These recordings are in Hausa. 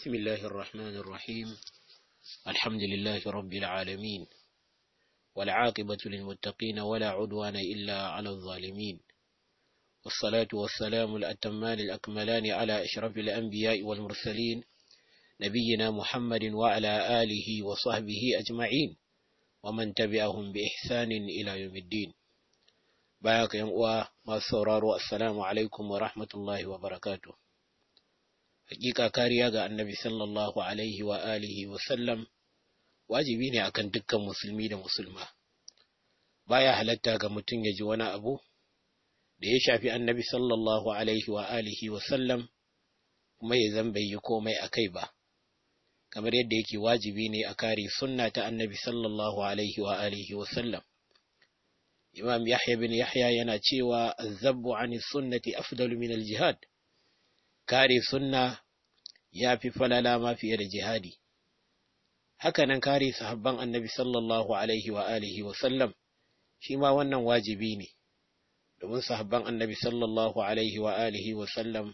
بسم الله الرحمن الرحيم الحمد لله رب العالمين والعاقبة للمتقين ولا عدوان إلا على الظالمين والصلاة والسلام الأتمان الأكملان على أشرف الأنبياء والمرسلين نبينا محمد وعلى آله وصحبه أجمعين ومن تبعهم بإحسان إلى يوم الدين باقي أمواه ما السلام عليكم ورحمة الله وبركاته hakika kariya ga annabi sallallahu alaihi wa alihi wa sallam wajibi ne akan dukkan musulmi da musulma baya halatta ga mutum ya ji wani abu da ya shafi annabi sallallahu alaihi wa alihi wa sallam kuma ya zan bai yi komai a kai ba kamar yadda yake wajibi ne a kare sunna ta annabi sallallahu alaihi wa alihi wa sallam imam yahya bin yahya yana cewa azzabu an sunnati afdalu min al-jihad kare sunna ya fi falala ma fiye da jihadi hakanan kare sahabban annabi sallallahu alaihi wa alihi wa sallam shi ma wannan wajibi ne domin sahabban annabi sallallahu alaihi wa alihi wa sallam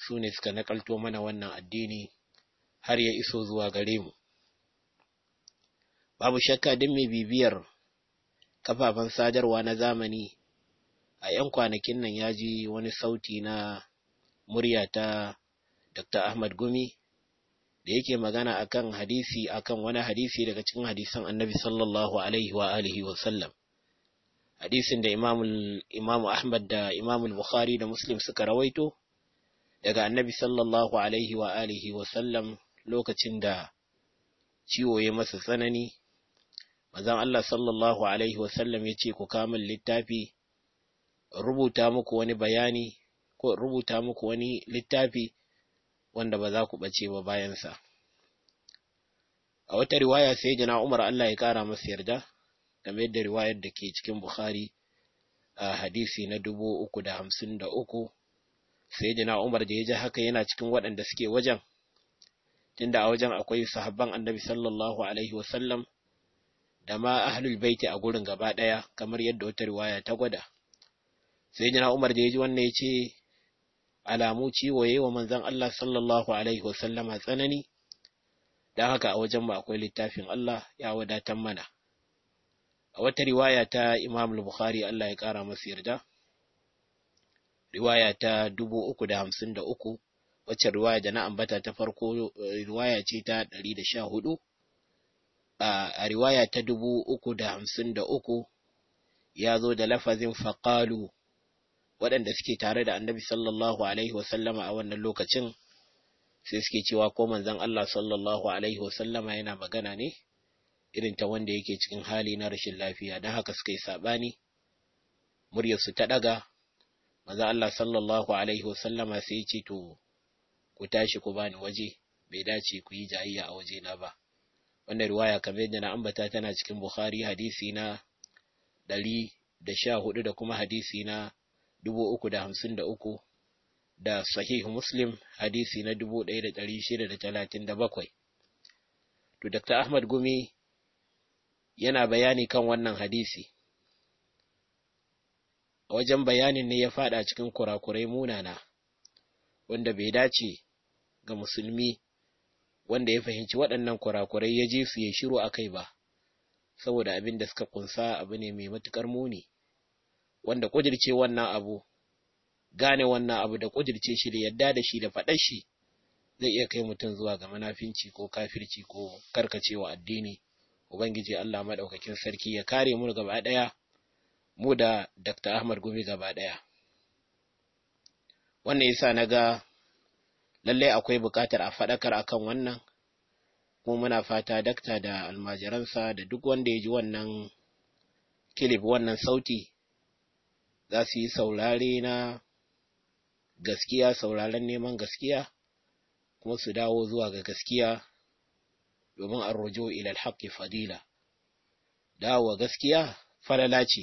su ne suka nakalto mana wannan addini har ya iso zuwa gare mu babu shakka din mai bibiyar kafafen sadarwa na zamani a 'yan kwanakin nan ya ji wani sauti na murya ta Dr. Ahmad Gumi da yake magana akan hadisi akan wani hadisi daga cikin hadisan Annabi sallallahu alaihi wa alihi wa sallam hadisin da Imam Imam Ahmad da Imam Bukhari da Muslim suka rawaito daga Annabi sallallahu alaihi wa alihi wa sallam lokacin da ciwo ya masa tsanani mazan Allah sallallahu alaihi wa sallam yace ku kamun littafi rubuta muku wani bayani ko rubuta muku wani littafi wanda ba za ku bace ba bayansa. A wata riwaya sai jana Umar Allah ya kara masa yarda, game da riwayar da ke cikin Bukhari a hadisi na dubu uku da da sai jana Umar da ya ji haka yana cikin waɗanda suke wajen, tunda a wajen akwai sahabban annabi sallallahu alaihi wasallam da ma ahlul baiti a gurin gaba ɗaya kamar yadda wata riwaya ta gwada. Sai jana Umar da ya ji wannan ya ce, alamu ciwo yi wa manzan Allah sallallahu alaihi wasallama tsanani dan haka a wajen mu akwai littafin Allah ya wadatan mana a wata riwaya ta Imam bukhari Allah ya kara masu yarda riwaya ta dubu uku da da hamsin uku wacce riwaya da na ambata ta farko eh, riwaya ce ta da sha hudu? a riwaya ta dubu uku da da hamsin uku ya zo da lafazin faƙalu waɗanda suke tare da annabi sallallahu alaihi wasallama a wannan lokacin sai suke cewa ko manzon Allah sallallahu alaihi wasallama yana magana ne irin ta wanda yake cikin hali na rashin lafiya dan haka suka yi saɓani muryarsu ta ɗaga manzon Allah sallallahu alaihi wasallama sai ya ce to ku tashi ku bani waje bai dace ku yi jayayya a na ba wannan riwaya kamar yadda na ambata tana cikin Bukhari hadisi na ɗari da sha hudu da kuma hadisi na dubu da hamsin uku da sahih muslim hadisi na dubu ɗaya da ɗari shida da bakwai to dr ahmad gumi yana bayani kan wannan hadisi a wajen bayanin ne ya faɗa cikin kurakurai munana wanda bai dace ga musulmi wanda ya fahimci waɗannan kurakurai ya je su ya shiru a kai ba saboda abin da suka kunsa abu ne mai matukar muni wanda kudirce wannan abu gane wannan abu da kudirce shi da yadda da shi da faɗar shi zai iya kai mutum zuwa ga manafinci ko kafirci ko karkacewa addini ubangiji Allah madaukakin sarki ya kare mu gaba daya mu da Dr. Ahmad Gumi gaba daya wannan yasa ga lallai akwai bukatar a faɗakar akan wannan kuma muna fata dakta da almajiransa da duk wanda ya ji wannan kilif wannan sauti za su yi saurare na gaskiya sauraren neman gaskiya kuma su dawo zuwa ga gaskiya domin an rojo ilal haƙƙi fadila dawo gaskiya falala ce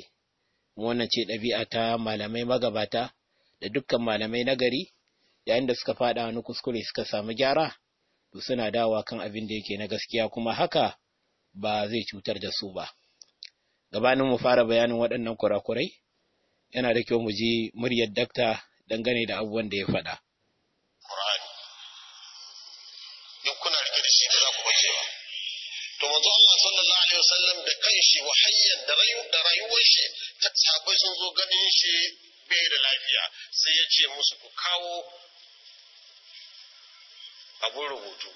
wannan ce ɗabi'a ta malamai magabata da dukkan malamai nagari yayin da suka faɗa wani kuskure suka samu gyara to suna dawa kan abin da yake na gaskiya kuma haka ba zai cutar da su ba gabanin mu fara bayanin waɗannan kurakurai yana da kyau mu ji muryar dakta dangane da abubuwan da ya faɗa. Qur'ani in kuna rike da shi ba za ku bace ba. To manzo Allah sallallahu alaihi wasallam da kanshi wahayyar da da rayuwar shi ta sabai sun zo ganin shi bai da lafiya sai ya ce musu ku kawo abun rubutu.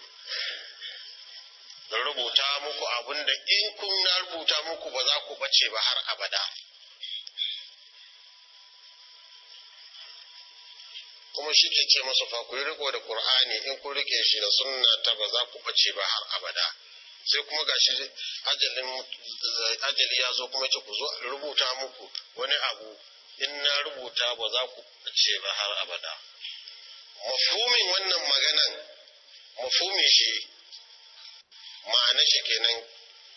Zan rubuta muku abin da in kun na rubuta muku ba za ku bace ba har abada. kuma shi ke ce masu fa ku yi riko da qur'ani in ku rike shi da sunna ta ba za ku bace ba har abada sai kuma gashi ajalin ajali ya zo kuma ce ku zo rubuta muku wani abu in na rubuta ba za ku bace ba har abada mafumin wannan maganan mafumin shi ma'ana shi kenan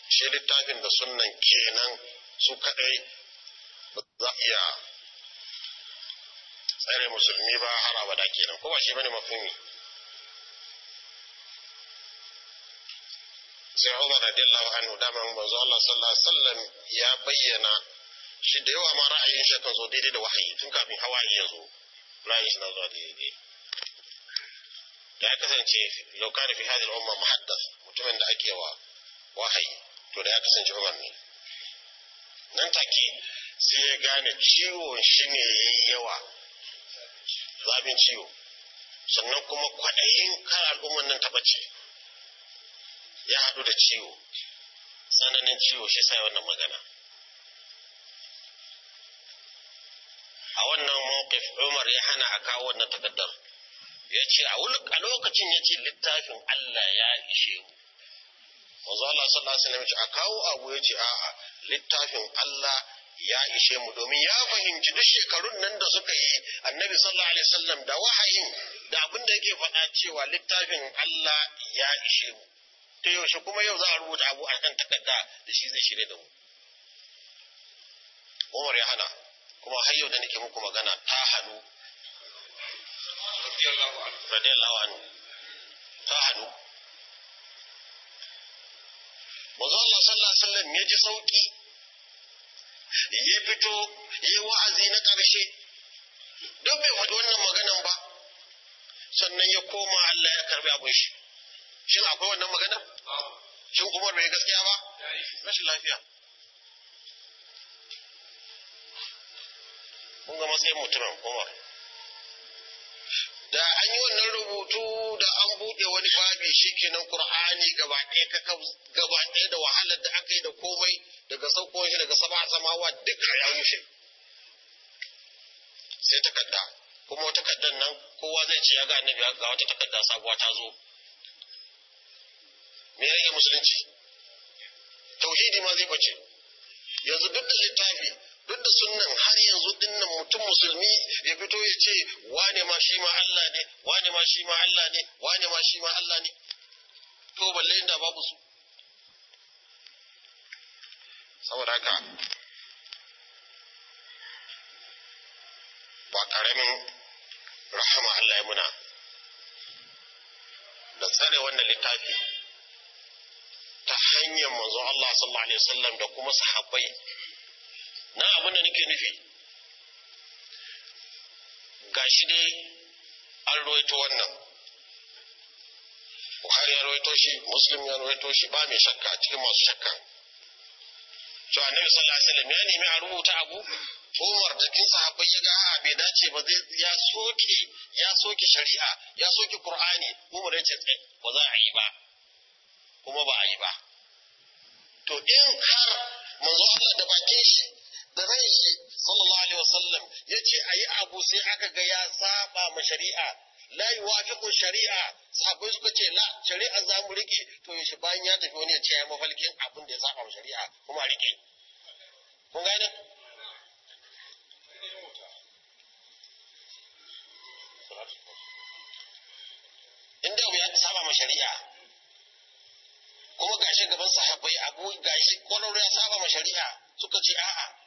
shi littafin da sunnan kenan su kadai ba za iya tsare musulmi ba har abada kenan ko ba shi bane mafhumi sai Umar radiyallahu anhu daman manzo Allah sallallahu alaihi wasallam ya bayyana shi da yawa ma ra'ayin shi kan zo daidai da wahayi tun kafin hawaye ya zo ra'ayin shi na zuwa daidai ya kasance lau kana fi hadhihi al-umma muhaddath mutumin da ake wa wahayi to da ya kasance Umar ne nan take sai ya gane ciwon shi ne yayi yawa babin ciwo sannan kuma kwaɗayin kar al'umman nan ta bace ya haɗu da ciwo tsananin ciwo shi sai wannan magana a wannan mawqif Umar ya hana a kawo wannan takaddar ya ce a lokacin ya ce littafin Allah ya ishe mu wanzu Allah sallallahu alaihi wasallam a kawo abu ya ce a'a littafin Allah ya ishe mu domin ya fahimci duk shekarun nan da suka yi annabi sallallahu alaihi wasallam da wahayin da abin da yake faɗa cewa littafin Allah ya ishe mu ta yaushe kuma yau za a rubuta abu a kan takarda da shi zai shirya da mu Umar ya hana kuma har yau da nake muku magana ta hannu radiyallahu anhu ta hannu manzo Allah sallallahu alaihi wasallam ya ji sauki ya fito ya wa'azi na ƙarshe don bai faɗi wannan maganan ba sannan ya koma Allah ya karbi abin shi shin akwai wannan magana shin Umar bai gaskiya ba rashin lafiya kun ga matsayin mutumin Umar da an yi wannan rubutu da an buɗe wani babi shikenan Kur'ani, gaba ɗaya ka gaba ɗaya da wahalar da aka yi da komai daga saukon shi daga sama samawa duka ya rushe sai takarda kuma takardar nan kowa zai ce ya ga annabi ga wata takarda sabuwa ta zo me yake musulunci tauhidi ma zai bace yanzu duk da littafi duk da sunnan har yanzu dinnan mutum musulmi ya fito ya ce wane ma shi ma Allah ne wane ma shi ma Allah ne wane ma shi ma Allah ne to balle inda babu su saboda haka ba karamin rahama Allah ya muna da tsare wannan littafi ta hanyar manzon Allah sallallahu alaihi wasallam da kuma sahabbai na abin da nake nufi Ga shi dai an ruwaito wannan buhari ya ruwaito shi muslim ya ruwaito shi ba mai shakka cikin masu shakka to annabi sallallahu alaihi wasallam ya nemi a rubuta abu umar cikin sahabbai ya ga a bai dace ba zai ya soke ya soke shari'a ya soke qur'ani umar ya ce ba za a yi ba kuma ba a yi ba to in har manzo Allah da bakin shi da ran shi sallallahu alaihi wasallam yace ayi abu sai aka ga ya saba ma shari'a la yuwafiqu shari'a sabai suka ce la shari'a za mu rike to yaushe bayan ya tafi wani ya ce ya mafalkin abin da ya saba ma shari'a kuma rike kun gane inda ya saba ma shari'a kuma gashi gaban sahabbai abu gashi kwararo ya saba ma shari'a suka ce a'a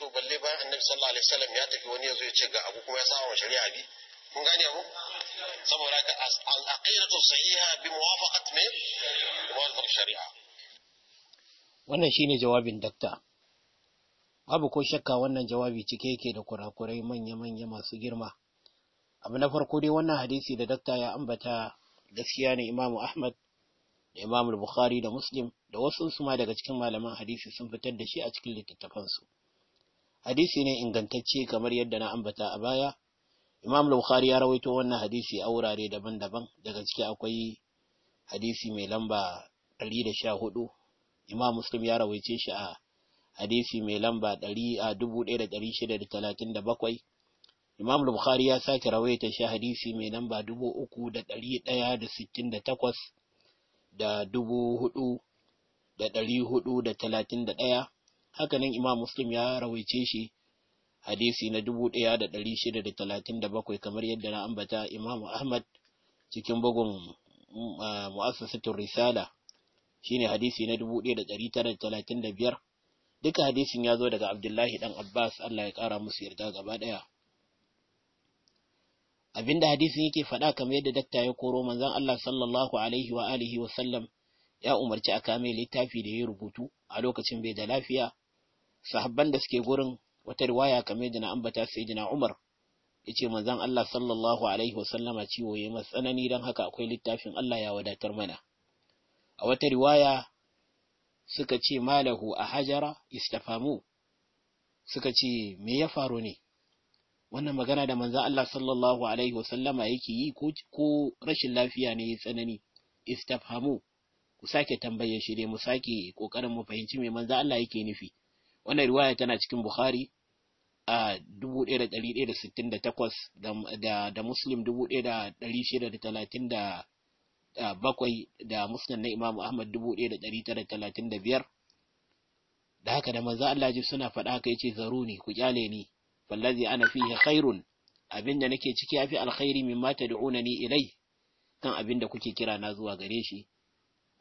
to balle bayan annabi sallallahu alaihi wasallam ya tafi wani yazo ya ce ga abu kuma ya saba shari'a bi kun gane abu saboda ka al aqidatu sahiha bi muwafaqat min muwafaqat shari'a wannan shine jawabin dakta babu ko shakka wannan jawabi cike yake da kurakurai manya-manya masu girma abu na farko dai wannan hadisi da dakta ya ambata gaskiya ne imamu ahmad da imamu bukhari da muslim da wasu su ma daga cikin malaman hadisi sun fitar da shi a cikin littattafansu hadisi ne ingantacce kamar yadda na ambata a baya imam bukhari ya rawaito wannan hadisi a wurare daban-daban daga ciki akwai hadisi mai lamba 114 imam muslim ya rawaice shi a hadisi mai lamba 1637 imam bukhari ya sake rawaita shi hadisi mai lamba 3168 da ɗari da da da dubu hudu hudu talatin ɗaya. hakanan imam muslim ya rawaice shi hadisi na 1637 kamar yadda na ambata imam ahmad cikin bugun mm, ah, mu'assasatul risala shine hadisi na 1935 duka hadisin ya zo daga abdullahi dan abbas Allah ya kara musu yarda gaba daya abinda hadisin yake faɗa kamar yadda dakta ya koro manzon Allah sallallahu alaihi wa alihi wa sallam ya umarci a kame littafi da ya rubutu a lokacin bai da lafiya sahabban da suke gurin wata riwaya kamar da na ambata sayyidina Umar yace manzan Allah sallallahu alaihi wasallama ciwo yi matsanani dan haka akwai littafin Allah ya wadatar mana a wata riwaya suka ce malahu a hajara istafamu suka ce me ya faru ne wannan magana da manzon Allah sallallahu alaihi wasallama yake yi ko rashin lafiya ne tsanani istafhamu ku sake tambayar shi dai mu sake kokarin mu fahimci me manzon Allah yake nufi wannan riwaya tana cikin bukhari a 1168 da muslim 1637 da da musnad na Imam ahmad 1935 da haka da manzo Allah ji suna faɗa haka yace zaruni ku kyale ni fallazi ana fihi khairun abinda nake ciki yafi alkhairi min mata mimma tad'unani ilai kan abinda kuke kira na zuwa gare shi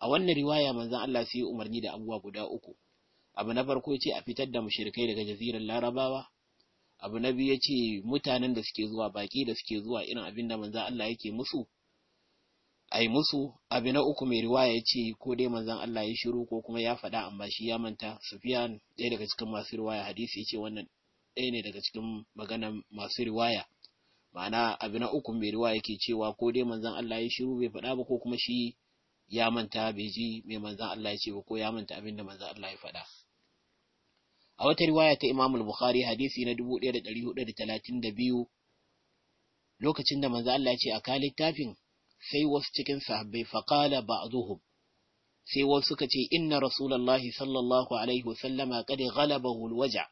a wannan riwaya manzan Allah sai umarni da abubuwa guda uku abu na farko ce a fitar da mushrikai daga jazirar larabawa abu na biyu ya ce mutanen da suke zuwa baki da suke zuwa irin abinda da manzan Allah yake musu a musu abu na uku mai riwaya ya ce ko dai manzan Allah ya shiru ko kuma ya faɗa amma shi ya manta sufiyan ɗaya daga cikin masu riwaya hadisi ya ce wannan ɗaya ne daga cikin maganan masu riwaya ma'ana abu na uku mai riwaya yake cewa ko dai manzan Allah ya shiru bai faɗa ba ko kuma shi ya manta bai ji mai manzan Allah ya ce ba ko ya manta abinda da manzan Allah ya faɗa a wata riwaya ta Imam al-Bukhari hadisi na 1432 lokacin da manzo Allah ya ce a ka littafin sai wasu cikin sahabbai faqala ba'dhum sai wasu suka ce inna rasulullahi sallallahu alaihi wasallama qad ghalabahu al-waja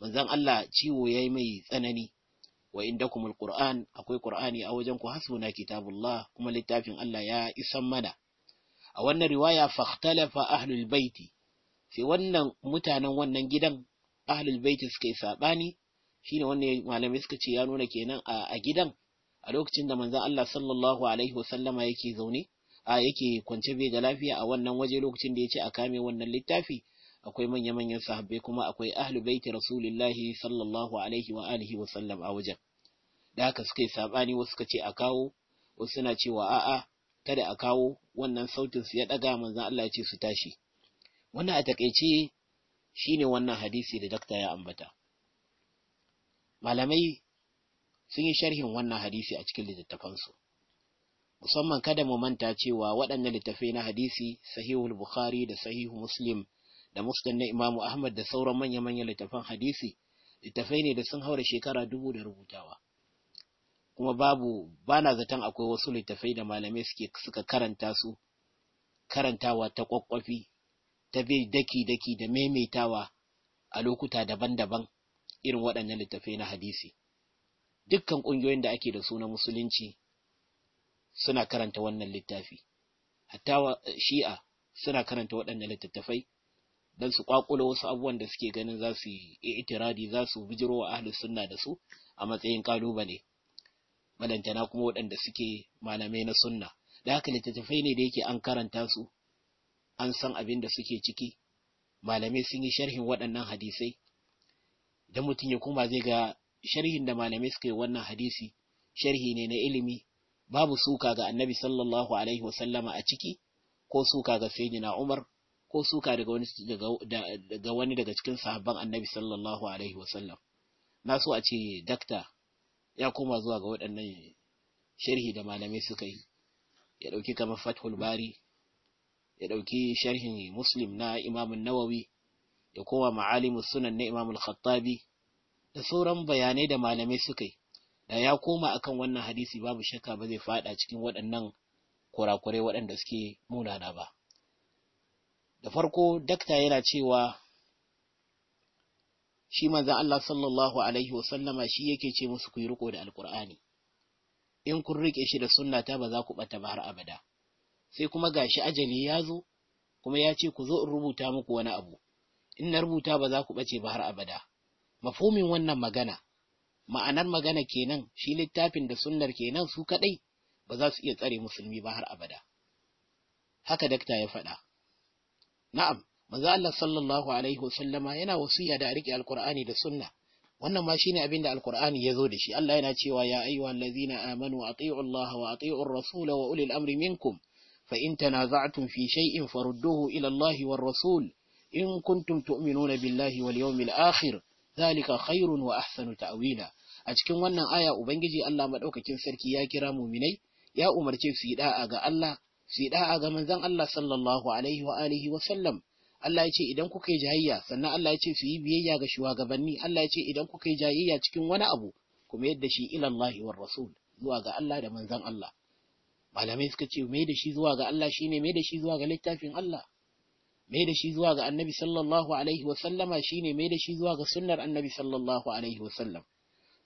manzon Allah ciwo yayi mai tsanani wa indakum al-Qur'an akwai Qur'ani a wajen ku hasbuna kitabullah kuma littafin Allah ya isan mana a wannan riwaya fakhtalafa ahlul baiti sai wannan mutanen wannan gidan ahlul baiti suka yi sabani shine wannan malamai suka ce ya nuna kenan a gidan a lokacin da manzon Allah sallallahu alaihi wasallama yake zaune a yake kwance bai da lafiya a wannan waje lokacin da ya ce a kame wannan littafi akwai manya-manyan sahabbai kuma akwai ahlu baiti rasulullahi sallallahu alaihi wa alihi wa a wajen da haka suka yi sabani wasu suka ce a kawo wasu suna cewa a'a kada a kawo wannan sautin su ya daga manzon Allah ya ce su tashi wannan a takaice shine wannan hadisi da dakta ya ambata malamai sun yi sharhin wannan hadisi a cikin littattafansu musamman kada mu manta cewa waɗannan littattafai na hadisi sahihul bukhari da sahihu muslim da muslim na imamu ahmad da sauran manya-manyan littattafan hadisi littattafai ne da sun haura shekara dubu da rubutawa kuma babu bana zaton akwai wasu littattafai da malamai suke suka karanta su karantawa ta kwakwafi ta bi daki-daki da maimaitawa a lokuta daban-daban irin waɗannan littafai na hadisi. Dukkan ƙungiyoyin da ake da su na musulunci suna karanta wannan littafi, hatta shi'a suna karanta waɗannan littattafai don su ƙwaƙula wasu abubuwan da suke ganin za su yi itiradi za su bijiro wa ahlus sunna da su a matsayin ƙalubale. Balantana kuma waɗanda suke malamai na sunna. Da haka littattafai ne da yake an karanta su an san abin da suke ciki malamai sun yi sharhin waɗannan hadisai da mutum ya koma zai ga sharhin da malamai suka yi wannan hadisi sharhi ne na ilimi babu suka ga annabi sallallahu alaihi wasallama a ciki ko suka ga sayyidina umar ko suka daga wani daga, wani daga cikin sahabban annabi sallallahu alaihi wasallam na so a ce dakta ya koma zuwa ga waɗannan sharhi da malamai suka yi ya ɗauki kamar fathul bari ya ɗauki sharhin muslim na imamun nawawi da kowa ma'alimus sunan na imamul khattabi da sauran bayanai da malamai suka yi da ya koma akan wannan hadisi babu shakka ba zai fada cikin waɗannan kurakurai waɗanda suke munana ba da farko dakta yana cewa shi manzan Allah sallallahu alaihi wasallama shi yake ce musu ku yi riko da alkur'ani in kun riƙe shi da sunnata ba za ku bata ba har abada sai kuma gashi ajali ya zo kuma ya ce ku zo in rubuta muku wani abu in na rubuta ba za ku bace ba har abada mafhumin wannan magana ma'anar magana kenan shi littafin da sunnar kenan su kadai ba za su iya tsare musulmi ba har abada haka dakta ya faɗa na'am manzo Allah sallallahu alaihi wasallama yana wasiya da rike alqur'ani da sunna wannan ma shine abin da alqur'ani ya zo da shi Allah yana cewa ya ayyuhallazina amanu atii'u Allah wa atii'ur rasula wa ulil amri minkum فإن تنازعتم في شيء فردوه إلى الله والرسول إن كنتم تؤمنون بالله واليوم الآخر wa خير وأحسن a cikin wannan aya ubangiji Allah madaukakin sarki ya kira muminai ya umarci su yi da'a ga Allah su yi ga manzon Allah sallallahu alaihi wa wa sallam Allah ya ce idan kuka yi jayayya sannan Allah ya ce su yi biyayya ga shugabanni Allah ya ce idan kuka yi jayayya cikin wani abu kuma yadda shi ila Allah war zuwa ga Allah da manzan Allah malamai suka ce mai da shi zuwa ga Allah shine mai da shi zuwa ga littafin Allah mai da shi zuwa ga annabi sallallahu alaihi wa sallama shine mai da shi zuwa ga sunnar annabi sallallahu alaihi wa sallam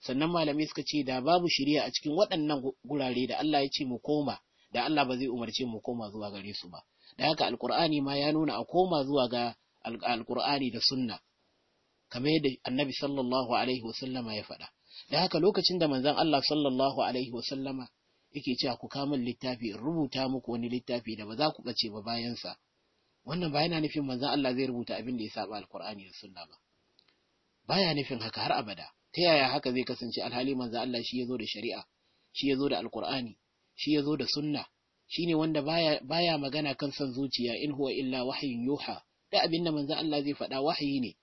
sannan malamai suka ce da babu shiriya a cikin waɗannan gurare da Allah ya ce mu koma da Allah ba zai umarce mu koma zuwa gare su ba da haka alqur'ani ma ya nuna a koma zuwa ga alqur'ani da sunna kamar yadda annabi sallallahu alaihi wa sallama ya faɗa da haka lokacin da manzon Allah sallallahu alaihi wa sallama yake cewa ku min littafi in rubuta muku wani littafi da ba za ku ɓace ba bayansa wannan ba yana nufin manzon Allah zai rubuta abin da ya saba alkur'ani da sunna ba baya nufin haka har abada ta yaya haka zai kasance alhali manzon Allah shi yazo zo da shari'a shi yazo da alkur'ani shi yazo da sunna shine wanda baya baya magana kan san zuciya in huwa illa wahyin yuha da abin da manzon Allah zai faɗa wahayi ne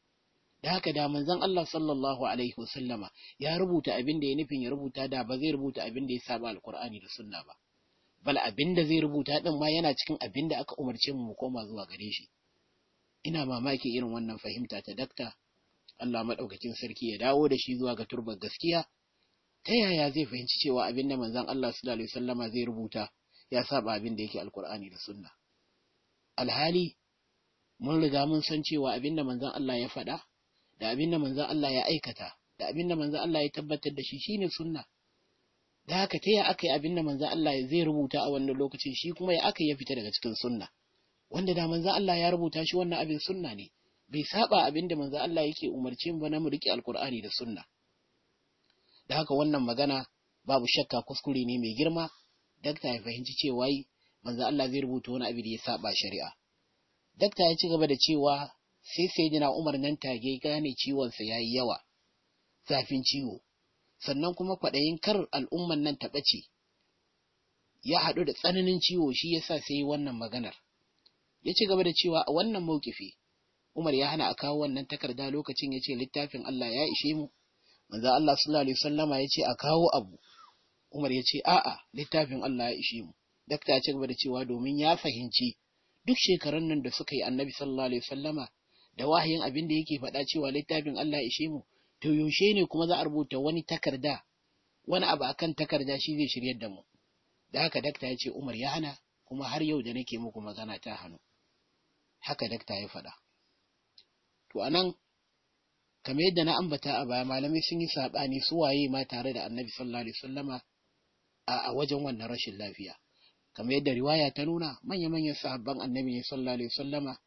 da haka da manzon Allah sallallahu alaihi wasallama ya rubuta abin da ya nufin ya rubuta da ba zai rubuta abin da ya saba alkur'ani da sunna ba bal abin da zai rubuta din ma yana cikin abin da aka umarce mu koma zuwa gare shi ina mamaki irin wannan fahimta ta dakta Allah madaukakin sarki ya dawo da shi zuwa ga turbar gaskiya ta yaya zai fahimci cewa abin da manzon Allah sallallahu alaihi wasallama zai rubuta ya saba abin da yake alkur'ani da sunna alhali mun riga mun san cewa abin da manzon Allah ya faɗa da abin da manzan Allah ya aikata da abin da manzan Allah ya tabbatar da shi shi ne sunna da haka ta yi aka yi abin da manzan Allah zai rubuta a wannan lokacin shi kuma ya aka ya fita daga cikin sunna wanda da manzan Allah ya rubuta shi wannan abin sunna ne bai saba abin da manzan Allah yake umarci ba na mu riƙe alkur'ani da sunna da haka wannan magana babu shakka kuskure ne mai girma dakta ya fahimci cewa manzan Allah zai rubuta wani abu da ya saba shari'a dakta ya ci gaba da cewa sai sayyidina Umar nan tage gane ciwon sa yayi yawa zafin ciwo sannan kuma kwaɗayin kar al'umman nan ta ɓace ya hadu da tsananin ciwo shi yasa sai yi wannan maganar ya ci gaba da cewa a wannan mawkifi Umar ya hana a kawo wannan takarda lokacin ya ce littafin Allah ya ishe mu manzo Allah sallallahu alaihi wasallama ya ce a kawo abu Umar ya ce a'a littafin Allah ya ishe mu dakta ya ci gaba da cewa domin ya fahimci duk shekarun nan da suka yi annabi sallallahu alaihi wasallama da wahayin abin da yake faɗa cewa littafin Allah ya ishe mu to yaushe ne kuma za a rubuta wani takarda wani abu akan takarda shi zai shiryar da mu da haka dakta ya ce Umar ya hana kuma har yau da nake muku magana ta hannu haka dakta ya faɗa to anan kamar yadda na ambata a baya malamai sun yi saɓani su waye ma tare da annabi sallallahu alaihi wasallama a wajen wannan rashin lafiya kamar yadda riwaya ta nuna manya-manyan sahabban annabi ne sallallahu alaihi wasallama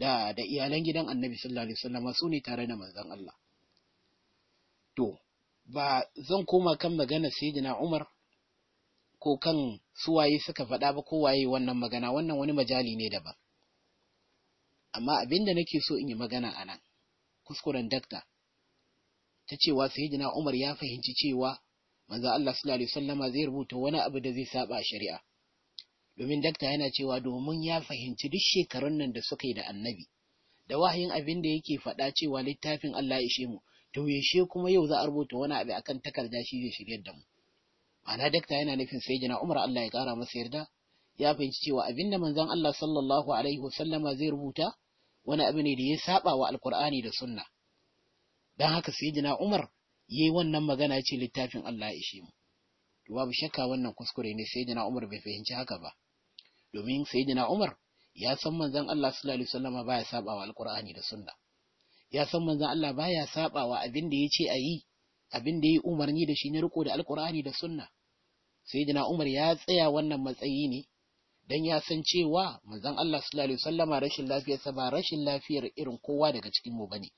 da da iyalan gidan annabi sallallahu alaihi wasallam su ne tare da manzon Allah to ba zan koma kan magana sayyidina Umar ko kan waye suka faɗa ba ko waye wannan magana wannan wani majali ne daban amma abinda nake so in yi magana a nan kuskuren dakta ta cewa sayyidina Umar ya fahimci cewa manzo Allah sallallahu alaihi wasallama zai rubuta wani abu da zai saba shari'a domin dakta yana cewa domin ya fahimci duk shekarun nan da suka yi da annabi da wahayin abin da yake faɗa cewa littafin Allah ya ishe mu to yashe kuma yau za a rubuta wani abu akan takarda shi zai shirya da mu ma'ana dakta yana nufin sai jina Umar Allah ya kara masa yarda ya fahimci cewa abin da manzon Allah sallallahu alaihi wasallama zai rubuta wani abu ne da ya saba wa alkur'ani da sunna dan haka sai jina Umar yayi wannan magana ce littafin Allah ya ishe mu babu shakka wannan kuskure ne sayyidina Umar bai fahimci haka ba domin sayyidina Umar ya san manzon Allah sallallahu alaihi wasallam baya sabawa alqur'ani da sunna ya san manzon Allah baya sabawa abin da yace yi, abin da yayi umarni da shi ne riko da alqur'ani da sunna sayyidina Umar ya tsaya wannan matsayi ne dan ya san cewa manzon Allah sallallahu alaihi wasallam rashin sa ba rashin lafiyar irin kowa daga cikin mu bane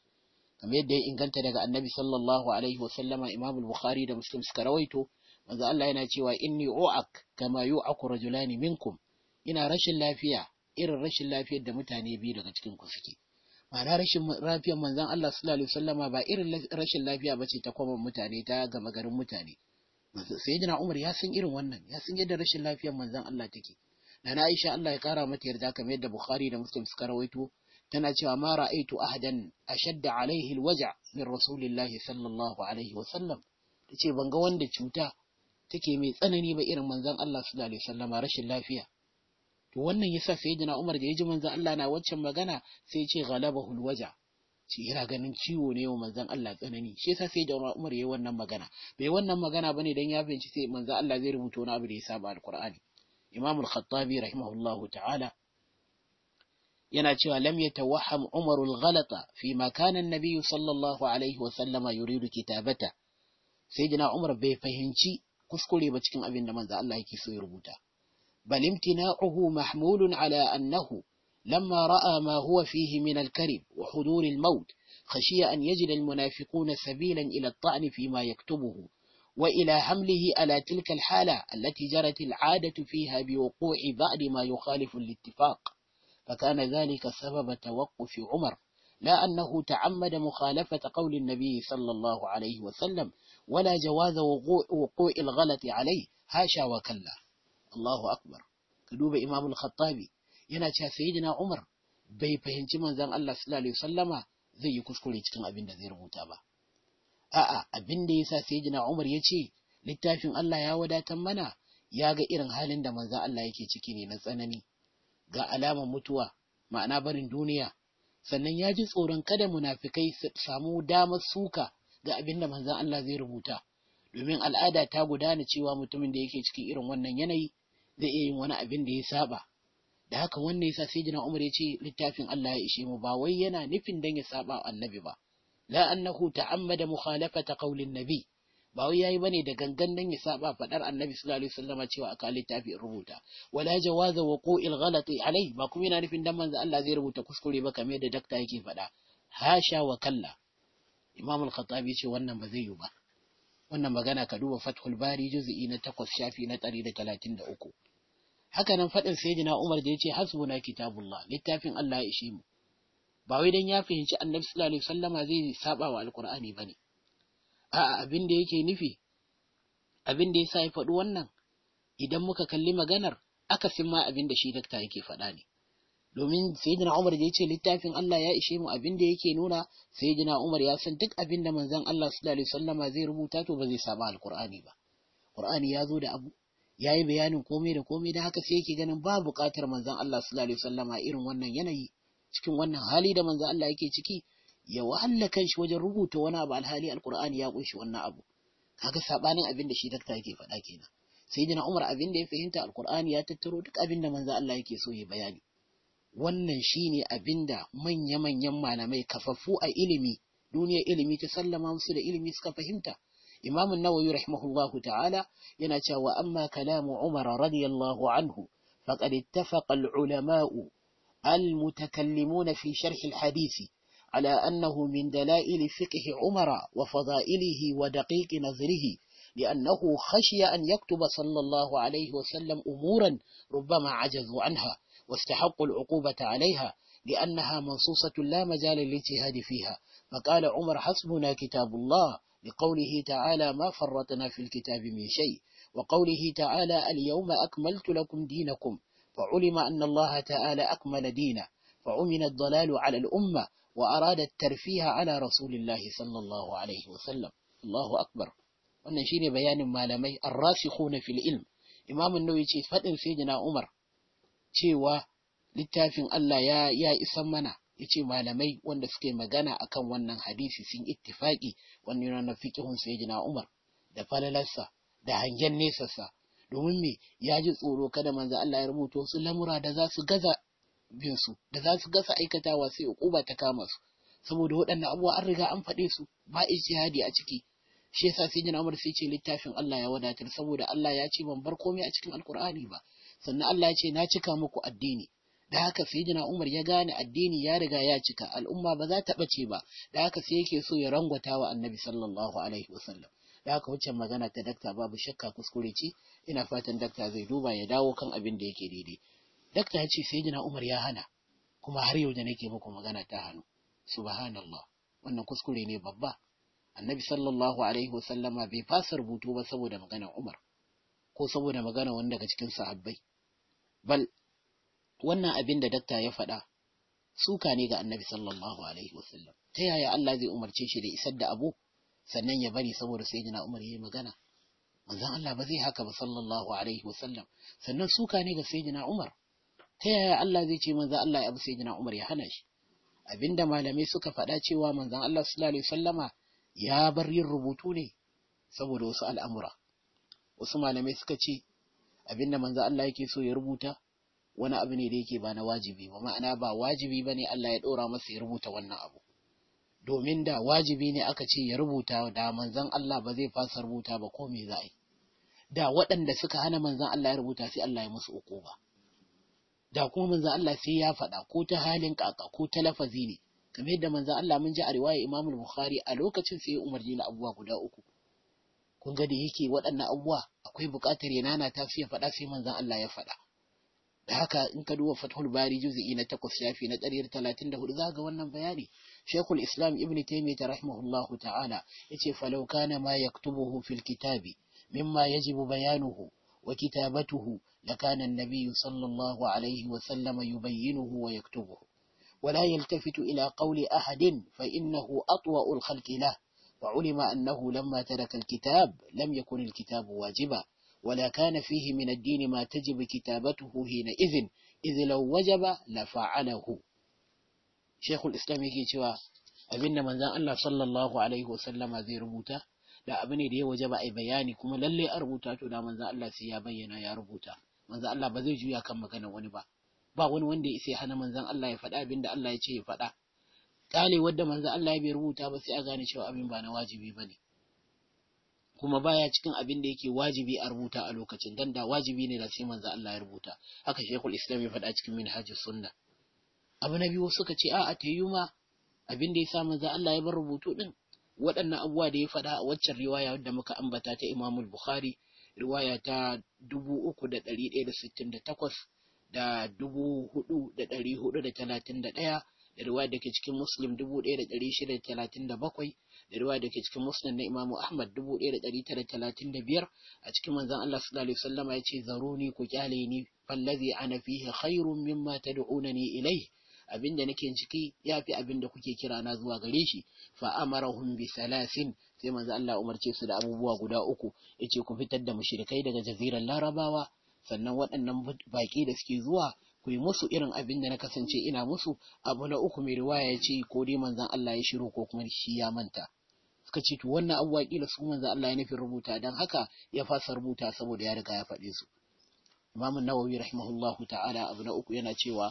kamar yadda ya inganta daga Annabi sallallahu alaihi wasallama Imam al-Bukhari da Muslim suka rawaito manzo Allah yana cewa inni oak kama yu'aku rajulani minkum ina rashin lafiya irin rashin lafiyar da mutane biyu daga cikin ku suke ma'ana rashin lafiyar manzon Allah sallallahu alaihi wasallama ba irin rashin lafiya bace ta kwamon mutane ta gama garin mutane sayyidina Umar ya san irin wannan ya san yadda rashin lafiyar manzon Allah take na Aisha Allah ya kara mata yarda kamar yadda Bukhari da Muslim suka rawaito tana cewa ma ra'aitu ahadan ashadda alaihi alwaja min rasulillahi sallallahu alaihi wasallam tace ban ga wanda cuta take mai tsanani ba irin manzon Allah sallallahu alaihi rashin lafiya to wannan yasa sayyidina Umar da yaji manzon Allah na waccan magana sai ya ce ghalabahul waja shi yana ganin ciwo ne wa manzon Allah tsanani shi yasa sai da Umar yayi wannan magana bai wannan magana bane dan ya fahimci sai manzon Allah zai rubuta wani abu da ya saba alqur'ani Imam al-Khattabi rahimahullahu ta'ala yana cewa lam yatawahham Umar al-ghalata fi ma kana an-nabiy sallallahu alaihi wa sallama yuridu kitabata sayyidina Umar bai fahimci kuskure ba cikin abin da manzo Allah yake so ya rubuta bal imtina'uhu mahmulun ala annahu lamma ra'a ma huwa fihi min al-karib wa hudur al-maut khashiya an yajid al-munafiquna sabilan ila at-ta'n fi ma yaktubuhu wa ila hamlihi ala tilka وإلى حمله على تلك الحالة التي جرت العادة فيها بوقوع بعض ما يخالف الاتفاق فكان ذلك سبب توقف عمر لا أنه تعمد مخالفة قول النبي صلى الله عليه وسلم ولا جواز وقوع, وقوع الغلط عليه هاشا وكلا الله أكبر كدوب إمام الخطابي yana cewa sayyidina Umar bai fahimci manzan Allah sallallahu alaihi zai yi kuskure cikin abin da zai rubuta ba a'a abin da yasa sayyidina Umar ya ce littafin Allah ya wadatar mana ya ga irin halin da manzon Allah yake ciki ne na tsanani ga alamar mutuwa ma'ana barin duniya sannan ya ji tsoron kada munafikai su samu damar suka ga abin da manzan Allah zai rubuta domin al'ada ta gudana cewa mutumin da yake cikin irin wannan yanayi zai iya yin wani abin da ya saba da haka wannan sa sai jina umar ya ce littafin Allah ya ishe mu ba wai yana nufin dan ya saba annabi ba la annahu ta'ammada mukhalafata qawlin nabi ba wai yayi bane da gangan dan ya saba fadar annabi sallallahu alaihi wasallama cewa aka littafi rubuta wala jawaza wuqu'il ghalati alai ba kuma yana nufin dan manzo Allah zai rubuta kuskure ba kamar yadda dakta yake fada hasha wa Imamul al-khattabi ce wannan ba zai yi ba wannan magana ka duba fathul bari juz'i na 8 shafi na 133 haka nan fadin sayyidina umar da ya yace hasbuna kitabullah littafin Allah ya ishe mu ba wai dan ya fahimci annabi sallallahu alaihi wasallama zai saba wa alqur'ani bane a'a abin da yake nufi abin da yasa ya faɗi wannan idan muka kalli maganar akasin ma abin da shi dakta yake faɗa ne domin sayyidina Umar da yace littafin Allah ya ishe mu abin da yake nuna sayyidina Umar ya san duk abin da manzon Allah sallallahu alaihi wasallama zai rubuta to ba zai saba alqur'ani ba qur'ani ya zo da abu yayi bayanin komai da komai da haka sai yake ganin ba buƙatar manzon Allah sallallahu alaihi wasallama irin wannan yanayi cikin wannan hali da manzon Allah yake ciki ya wahala kanshi wajen rubuta wani abu alhali alqur'ani ya kunshi wannan abu kaga sabanin abin da shi dakta yake faɗa kenan sayyidina Umar abin da ya fahimta alqur'ani ya tattaro duk abin da manzon Allah yake so ya bayani wannan shine abinda manya-manyan malamai kafaffu a ilimi duniya ilimi ta sallama musu da ilimi suka fahimta imam an-nawawi rahimahullahu ta'ala yana cewa amma kalamu umar radiyallahu anhu faqad ittafaqa al-ulama'u al-mutakallimuna fi sharh al-hadisi على أنه من دلائل فقه عمر وفضائله ودقيق نظره لأنه خشي أن يكتب صلى الله عليه وسلم أمورا ربما عجزوا عنها واستحقوا العقوبة عليها لأنها منصوصة لا مجال للاجتهاد فيها فقال عمر حسبنا كتاب الله لقوله تعالى ما فرطنا في الكتاب من شيء وقوله تعالى اليوم أكملت لكم دينكم فعلم أن الله تعالى أكمل دينه فعمن الضلال على الأمة وأراد الترفيه على رسول الله صلى الله عليه وسلم الله أكبر wannan shine bayanin malamai arrasikhuna fil ilm إمام nawawi ce fadin sayyidina umar cewa littafin Allah ya ya isan mana ce malamai wanda suke magana akan wannan hadisi sun ittifaki ranar fikihun sai jina Umar da falalarsa da hangen nesarsa domin me ya ji tsoro kada manzo Allah ya rubuta wasu lamura da za su gaza bin su da za su gasa aikatawa sai uku ta kama su saboda waɗannan abuwa an riga an faɗe su ba ijtihadi a ciki shi yasa sai jina Umar sai ce littafin Allah ya wadatar saboda Allah ya ce ban bar komai a cikin Alkur'ani ba sannan Allah ya ce na cika muku addini da haka sayyidina Umar ya gane addini ya riga ya cika al'umma ba za ta bace ba da haka sai yake so ya rangwata wa Annabi sallallahu alaihi wasallam da haka wacce magana ta dakta babu shakka kuskure ce ina fatan dakta zai duba ya dawo kan abin da yake daidai dakta ya ce sayyidina Umar ya hana kuma har yau da nake muku magana ta hannu subhanallah wannan kuskure ne babba annabi sallallahu alaihi wasallama bai fasa rubutu ba saboda maganar Umar ko saboda magana wani daga cikin sahabbai bal wannan abin da datta ya faɗa suka ne ga annabi sallallahu alaihi wasallam ta yaya Allah zai umarce shi da isar da abu sannan ya bari saboda sayyidina Umar yi magana manzon Allah ba zai haka ba sallallahu alaihi wasallam sannan suka ne ga sayyidina Umar ta yaya Allah zai ce manzon Allah ya bi sayyidina Umar ya hana shi abinda malamai suka faɗa cewa manzan Allah sallallahu alaihi wasallama ya bar yin rubutu ne saboda wasu al'amura wasu malamai suka ce abinda manzo Allah yake so ya rubuta wani abu ne da yake ba na wajibi ba ma'ana ba wajibi ba ne Allah ya ɗora masa ya rubuta wannan abu domin da wajibi ne aka ce ya rubuta da manzan Allah ba zai fasa rubuta ba ko me za a yi da waɗanda suka hana manzan Allah ya rubuta sai Allah ya musu uku ba da kuma manzan Allah sai ya faɗa ko ta halin kaka ko ta lafazi ne kamar yadda manzan Allah mun ji a riwaya Imam Bukhari a lokacin sai ya umarni na abubuwa guda uku kun ga da yake waɗannan abuwa akwai buƙatar ya nana ta ya faɗa sai manzon Allah ya faɗa da haka in ka duba fathul bari juz'i na 8 shafi na ɗariyar talatin da ga wannan bayani Sheikhul islam ibn Taymiyyah ta rahimahullahu ta'ala yace ce falau kana ma yaktubuhu fil kitabi mimma yajibu bayanuhu wa kitabatuhu lakana an-nabiyyu sallallahu alayhi wa sallam yubayyinuhu wa yaktubuhu ولا يلتفت إلى قول أحد فإنه أطوأ الخلق له وعلم أنه لما ترك الكتاب لم يكن الكتاب واجبا ولا كان فيه من الدين ما تجب كتابته حينئذ إذ لو وجب لفعله شيخ الإسلام يقول شوى أبن من ذا الله صلى الله عليه وسلم ذي ربوتا لا أبني دي وجب أي بياني كما للي أربوتا تنا من ذا الله سيا يا ربوتا من ذا الله بذي جويا كما كان ونبا باون وندي إسيحنا من ذا الله يفدأ بند الله يشي يفدأ kyale wadda manzo Allah ya bai rubuta ba sai a gane cewa abin ba na wajibi ba ne kuma baya cikin abin da yake wajibi a rubuta a lokacin dan da wajibi ne da sai manzo Allah ya rubuta haka shekul Islam ya faɗa cikin Minhajus Sunna abu na biyu suka ce a'a tayyuma abin da ya sa manzo Allah ya bar rubutu din waɗannan abubuwa da ya faɗa a waccan riwaya wadda muka ambata ta Imam Bukhari riwaya ta 3168 da 4431 da riwaya da ke cikin muslim 1637 da riwaya da ke cikin muslim na imamu ahmad 1935 a cikin manzan allah sallallahu alaihi wasallam ya ce zaruni ku kyale ni fallazi ana fihi khairun mimma tad'unani ilai abin da nake ciki ya fi abin da kuke kira na zuwa gare shi fa amarahum bi salasin sai manza Allah umarce su da abubuwa guda uku yace ku fitar da mushrikai daga jaziran larabawa sannan waɗannan baƙi da suke zuwa ku yi musu irin abin da na kasance ina musu abu na uku mai riwaya ya ce ko dai manzan Allah ya shiru ko kuma shi ya manta suka ce to wannan abuwa kila su manzan Allah ya nufin rubuta dan haka ya fasa rubuta saboda ya riga ya faɗe su Imam Nawawi rahimahullahu ta'ala abu na uku yana cewa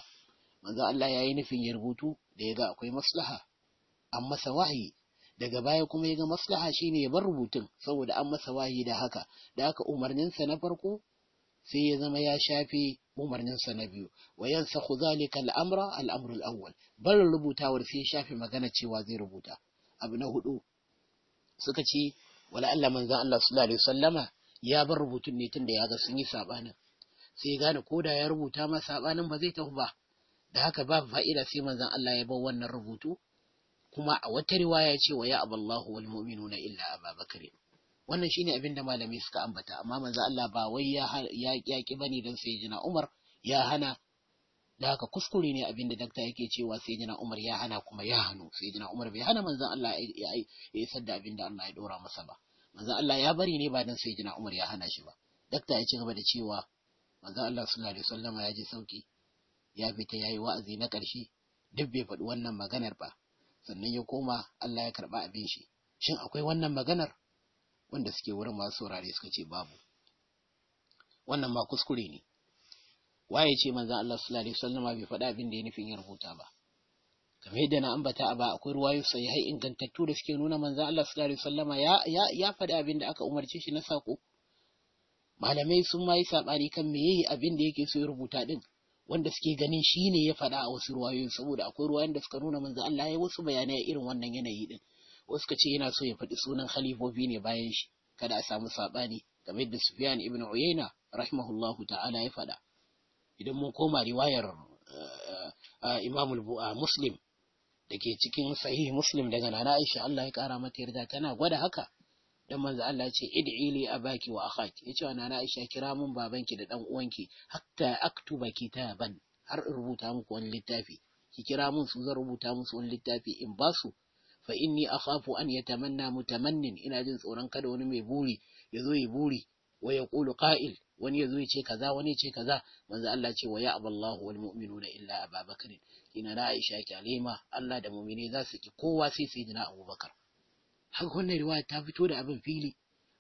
manzan Allah ya yi nufin ya rubutu da ya ga akwai maslaha an masa wahayi daga baya kuma ya ga maslaha shine ya bar rubutun saboda an masa wahayi da haka da haka umarninsa na farko sai ya zama ya shafe umarninsa na biyu wa yansakhu zalika al-amra al barin rubutawar sai shafe magana cewa zai rubuta abu na hudu suka ce wala Allah manzon Allah sallallahu alaihi wasallama ya bar rubutun ne tunda ya ga sun yi sabanin sai gane ko da ya rubuta ma sabanin ba zai tafi ba da haka ba fa'ida sai manzan Allah ya bar wannan rubutu kuma a wata riwaya ce wa ya aballahu wal mu'minuna illa ababakar wannan shine abin da malami suka ambata amma manzo Allah ba wai ya ya bane dan sayyidina Umar ya hana da haka kuskure ne abin da dakta yake cewa sayyidina Umar ya hana kuma ya hanu sayyidina Umar bai hana manzan Allah ya isar da abin da Allah ya dora masa ba Manzan Allah ya bari ne ba dan sayyidina Umar ya hana shi ba dakta ya ci gaba da cewa manzan Allah sallallahu alaihi wasallama ya ji sauki ya fita yayi wa'azi na ƙarshe duk bai faɗi wannan maganar ba sannan ya koma Allah ya karɓa abin shi shin akwai wannan maganar wanda suke wurin masu saurare suka ce babu wannan ma kuskure ne waye ce manzon Allah sallallahu alaihi wasallam bai faɗa abin da ya nufin ya rubuta ba kamar yadda na ambata a ba akwai ruwayoyi sahihai ingantattu da suke nuna manzon Allah sallallahu alaihi wasallam ya ya ya faɗi abin da aka umarce shi na sako malamai sun ma yi sabani kan me yayi abin da yake so ya rubuta din wanda suke ganin shi ne ya faɗa a wasu ruwayoyin saboda akwai ruwayoyin da suka nuna manzo Allah ya wasu bayanai irin wannan yanayi din wasu ka ce yana so ya faɗi sunan khalifofi ne bayan shi kada a samu saɓani game da Sufyan ibn Uyayna rahimahullahu ta'ala ya faɗa idan mun koma riwayar eh, eh, Imam ah, Muslim da ke cikin sahih Muslim daga Nana Aisha Allah ya kara mata yarda tana gwada haka dan manzo Allah ya ce id'i li abaki wa akhaki ce wa Nana Aisha kira mun babanki da dan uwanki hatta aktuba kitaban har in rubuta muku wani littafi ki kira mun su zan rubuta musu wani littafi in ba su fa inni akhafu an yatamanna mutamannin ina jin tsoron kada wani mai buri ya zo ya buri wa ya qulu qa'il wani ya zo ya ce kaza wani ya ce kaza manzo Allah ce wa ya aballahu wal mu'minuna illa ababakar ina na Aisha kalima Allah da mu'mini za su ki kowa sai sayyidina Abubakar haka wannan riwaya ta fito da abin fili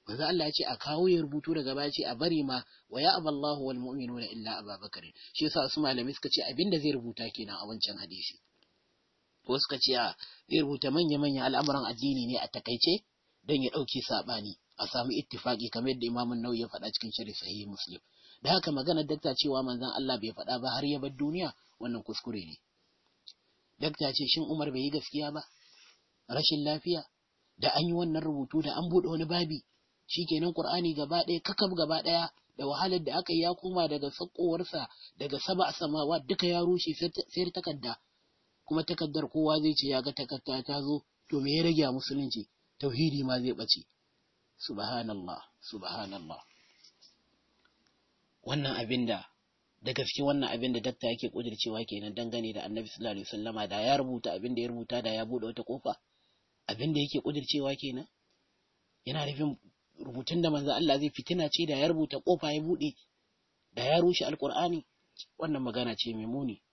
manzo Allah ya ce a kawo ya rubutu daga baya ce a bari ma wa ya aballahu wal mu'minuna illa ababakar shi yasa su malami suka ce abinda zai rubuta kenan a wancan hadisi wasu suka ce a zai rubuta manya-manyan al'amuran addini ne a takaice don ya ɗauki saɓani a samu ittifaki kamar yadda imamun nau ya faɗa cikin shirin sahihi muslim da haka maganar dakta cewa manzan Allah bai faɗa ba har ya bar duniya wannan kuskure ne dakta ce shin Umar bai yi gaskiya ba rashin lafiya da an yi wannan rubutu da an buɗe wani babi shikenan Qur'ani gaba ɗaya kakab gaba ɗaya da wahalar da aka yi ya koma daga sakkowarsa daga saba samawa duka ya rushe sai takarda kuma takardar kowa zai ce ya ga takarda ta zo to me ya rage a musulunci tauhidi ma zai bace subhanallah subhanallah wannan abin da da gaske wannan abin da dakta yake kudircewa kenan dangane da annabi sallallahu alaihi wasallama da ya rubuta abin da ya rubuta da ya bude wata kofa abin da yake kudircewa kenan yana rufin rubutun da manzo Allah zai fitina ce da ya rubuta kofa ya bude da ya rushe alqur'ani wannan magana ce mai muni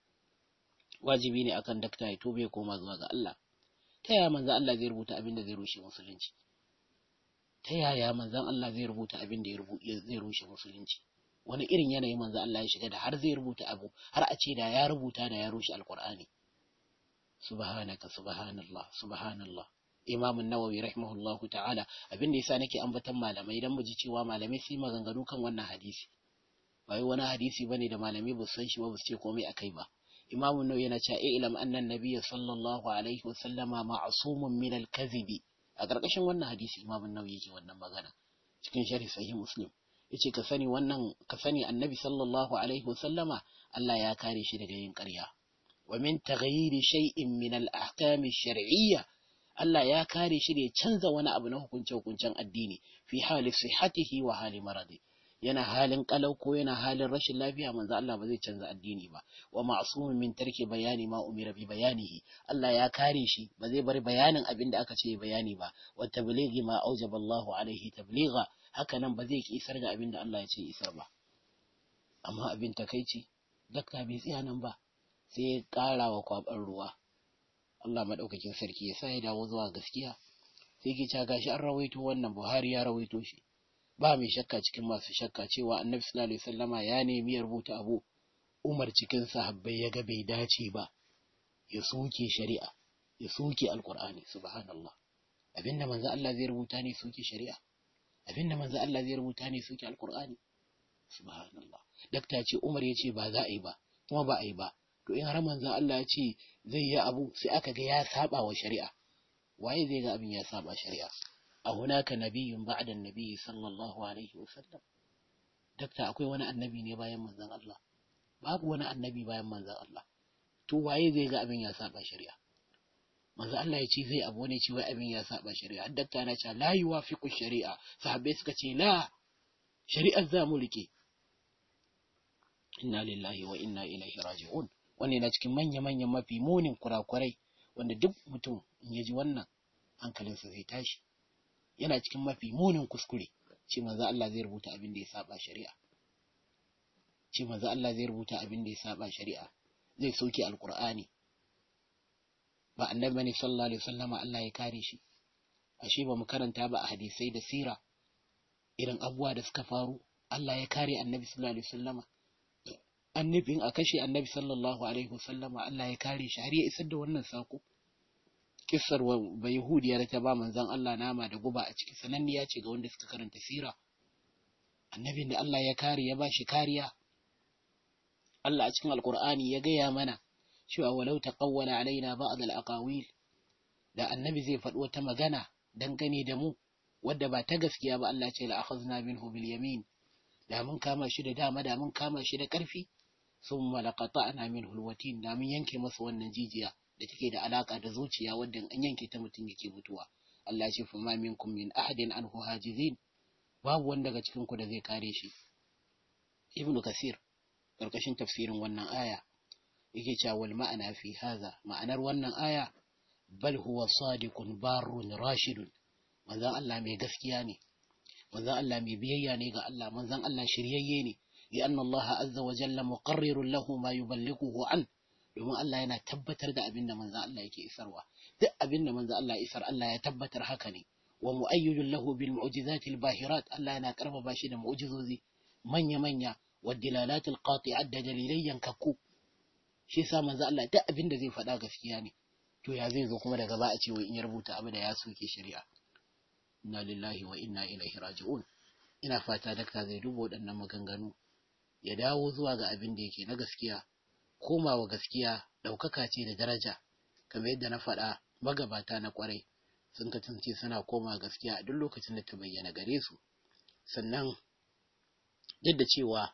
wajibi ne akan dakta ya tobe ya koma zuwa ga Allah ta yaya manzon Allah zai rubuta abin da zai rushe musulunci ta yaya manzon Allah zai rubuta abin da zai rushe musulunci wani irin yanayi manzon Allah ya shiga da har zai rubuta abu har a ce da ya rubuta da ya rushe alqur'ani subhanaka subhanallah subhanallah Imam Nawawi rahimahullahu ta'ala abin da yasa nake ambatan malamai dan mu ji cewa malamai sai maganganu kan wannan hadisi ba wani hadisi bane da malamai ba san shi ba ba su ce komai akai ba imamu nau na cewa ilam annan nabiyya sallallahu alaihi wa sallama ma'asumun a ƙarƙashin wannan hadisi imamu nau yake wannan magana cikin sharhi sahih muslim yace ka sani wannan annabi sallallahu alaihi wa sallama Allah ya kare shi daga yin ƙarya wa min taghayyiri shay'in min al-ahkam ash-shar'iyya Allah ya kare shi da canza wani abu na hukunce hukuncen addini fi hali sihhatihi wa hali maradi yana halin kalau ko yana halin rashin lafiya manzo Allah ba zai canza addini ba wa ma'sumin min tarki bayani ma umira bi bayanihi Allah ya kare shi ba zai bar bayanin abin da aka ce bayani ba wa tablighi ma aujaba Allah alaihi tabligha haka nan ba zai kisar da abinda Allah ya ce isar ba amma abin takaici dakta bai tsaya nan ba sai ya kara wa kwaban ruwa Allah madaukakin sarki ya sa ya dawo zuwa gaskiya sai ke gashi an rawaito wannan Buhari ya rawaito shi ba mai shakka cikin masu shakka cewa annabi sallallahu alaihi wasallama ya nemi ya rubuta abu umar cikin sahabbai ya ga bai dace ba ya soke shari'a ya soke alqur'ani subhanallah abinda manzo Allah zai rubuta ne soke shari'a abinda manzo Allah zai rubuta ne soke alqur'ani subhanallah dakta ce umar ya ce ba za a yi ba kuma ba a yi ba to in har manzo Allah ya ce zai yi abu sai aka ga ya saba wa shari'a waye zai ga abin ya saba shari'a a hunaka nabiyyun ba'da nabiyyi sallallahu alaihi wasallam dakta akwai wani annabi ne bayan manzan Allah babu wani annabi bayan manzan Allah to waye zai ga abin ya saba shari'a manzan Allah ya ce zai abu ne ce abin ya saba shari'a har dakta na ce fi yuwafiqu shari'a sahabbai suka ce la shari'ar za mu rike inna lillahi wa inna ilaihi raji'un wani na cikin manya manyan mafi munin kurakurai wanda duk mutum in ya ji wannan hankalinsa zai tashi yana cikin mafi munin kuskure ce manzo Allah zai rubuta abin da ya saba shari'a ce manzo Allah zai rubuta abin da ya saba shari'a zai soke alqur'ani ba annabi bane sallallahu alaihi wasallama Allah ya kare shi ashe ba mu karanta ba a hadisai da sira irin abuwa da suka faru Allah ya kare annabi sallallahu alaihi wasallama annabin a kashe annabi sallallahu alaihi wasallama Allah ya kare shi har ya isar da wannan sako kissar ba yahudiya da ta ba manzon Allah nama da guba a ciki sananniya ce ga wanda suka karanta sira annabin da Allah ya kare ya ba shi kariya Allah a cikin alkur'ani ya gaya mana cewa walau taqawwala alaina ba'd al-aqawil da annabi zai faɗi wata magana dangane da mu wadda ba ta gaskiya ba Allah ce la akhazna minhu bil yamin da mun kama shi da dama da mun kama shi da ƙarfi sun malakata ana min hulwatin da mun yanke masa wannan jijiya da take da alaka da zuciya wadda an yanke ta mutum yake mutuwa Allah ce fa ma minkum min ahadin anhu hajizin babu wanda daga cikin ku da zai kare shi Ibn Kasir karkashin tafsirin wannan aya yake cewa wal ma'ana fi haza. ma'anar wannan aya bal huwa sadiqun barrun rashidun manzon Allah mai gaskiya ne manzon Allah mai biyayya ne ga Allah manzon Allah shiryayye ne لأن الله عز وجل مقرر له ما يبلغه عنه domin Allah yana tabbatar da abin da Allah yake isarwa duk abin da manzon Allah ya isar Allah ya tabbatar haka ne wa mu'ayyidun lahu bil mu'jizati bahirat Allah yana karfafa shi da mu'jizozi manya manya wa dilalat al qati'at da dalilai yankakku shi yasa manzon Allah duk abin da zai faɗa gaskiya ne to ya zai zo kuma daga ba a ce wai in ya rubuta abu da ya soke shari'a inna lillahi wa inna ilaihi raji'un ina fata dakta zai duba waɗannan maganganu ya dawo zuwa ga abin da yake na gaskiya komawa gaskiya ɗaukaka ce da daraja kamar yadda na faɗa magabata na ƙwarai sun kasance suna koma gaskiya a duk lokacin da ta bayyana gare su sannan duk da cewa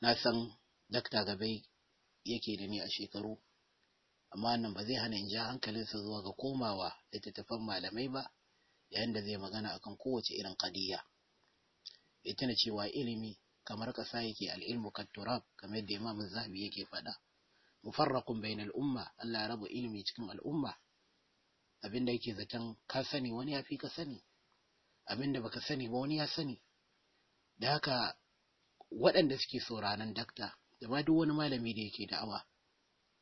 na san dakta gabai yake da ni a shekaru amma nan ba zai hana in ja hankalinsa zuwa ga komawa littattafan malamai ba yayin da zai magana akan kowace irin kadiya ya tuna cewa ilimi kamar ƙasa yake al'ilmu katturab kamar da imam zahabi yake faɗa mufarraqun bayan al'umma. Allah ya rabu ilimi cikin al'umma abinda yake zaton ka sani wani ya fi ka sani abinda baka sani ba wani ya sani da haka waɗanda suke sauraron dakta da ma duk wani malami da yake da'awa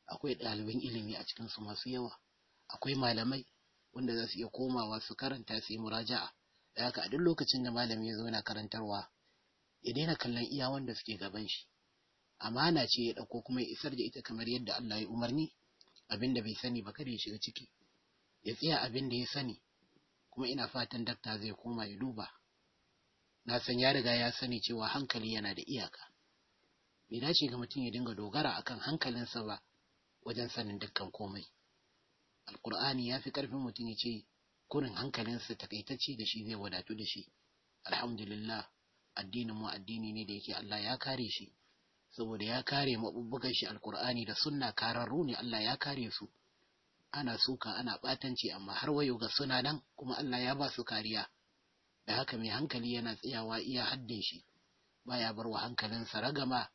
akwai ɗaliban ilimi a cikin su masu yawa akwai malamai wanda za su iya komawa su karanta su yi muraja'a da haka a duk lokacin da malami ya zo yana karantarwa ya daina kallon iya wanda suke gaban shi amana ce ya ɗauko kuma ya isar da ita kamar yadda Allah ya umarni abin da bai sani ba kada ya shiga ciki ya tsaya abin da ya sani kuma ina fatan dakta zai koma ya duba na san ya riga ya sani cewa hankali yana da iyaka bai dace ga mutum ya dinga dogara akan hankalinsa ba wajen sanin dukkan komai alkur'ani ya fi ƙarfin mutum ya ce kurin hankalinsa takaitacce da shi zai wadatu da shi alhamdulillah addinin mu addini ne da yake Allah ya kare shi saboda ya kare mabubbugan shi alkur'ani da sunna kararru ne Allah ya kare su ana suka ana batanci amma har wayo ga suna nan kuma Allah ya ba su kariya da haka mai hankali yana tsayawa iya haddin shi baya bar wa hankalinsa ragama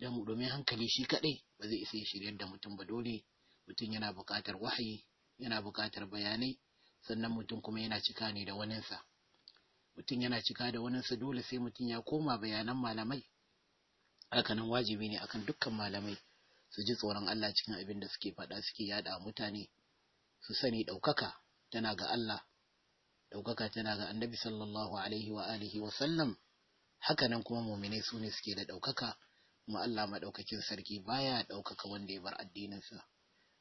dan domin hankali shi kadai ba zai isa ya shiryar da mutum ba dole mutum yana buƙatar wahayi yana buƙatar bayanai sannan mutum kuma yana cika ne da waninsa mutum yana cika da wani waninsa dole sai mutum ya koma bayanan malamai hakanan wajibi ne akan dukkan malamai su ji tsoron Allah cikin abin da suke faɗa suke yada mutane su sani ɗaukaka tana ga Allah ɗaukaka tana ga annabi sallallahu alaihi wa alihi wa sallam hakanan kuma muminai su ne suke da ɗaukaka kuma Allah maɗaukakin sarki baya ɗaukaka wanda ya bar addininsa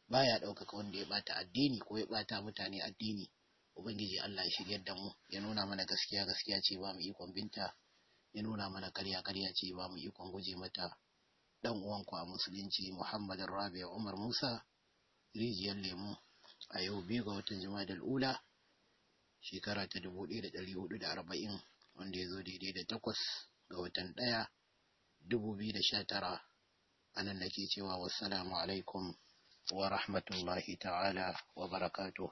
baya ɗaukaka wanda ya ɓata addini ko ya ɓata mutane addini ubangiji Allah ya shiryar da mu ya nuna mana gaskiya gaskiya ce ba mu ikon binta ya nuna mana karya karya ce ba mu ikon guje mata dan uwanku a musulunci muhammad Rabi'a Umar Musa rijiyar lemu a yau biyu ga watan Jumadal Ula shekara ta 1440 wanda ya zo daidai da takwas ga watan ɗaya 2019 Anan nake cewa wassalamu alaikum wa rahmatullahi ta'ala wa barakatuh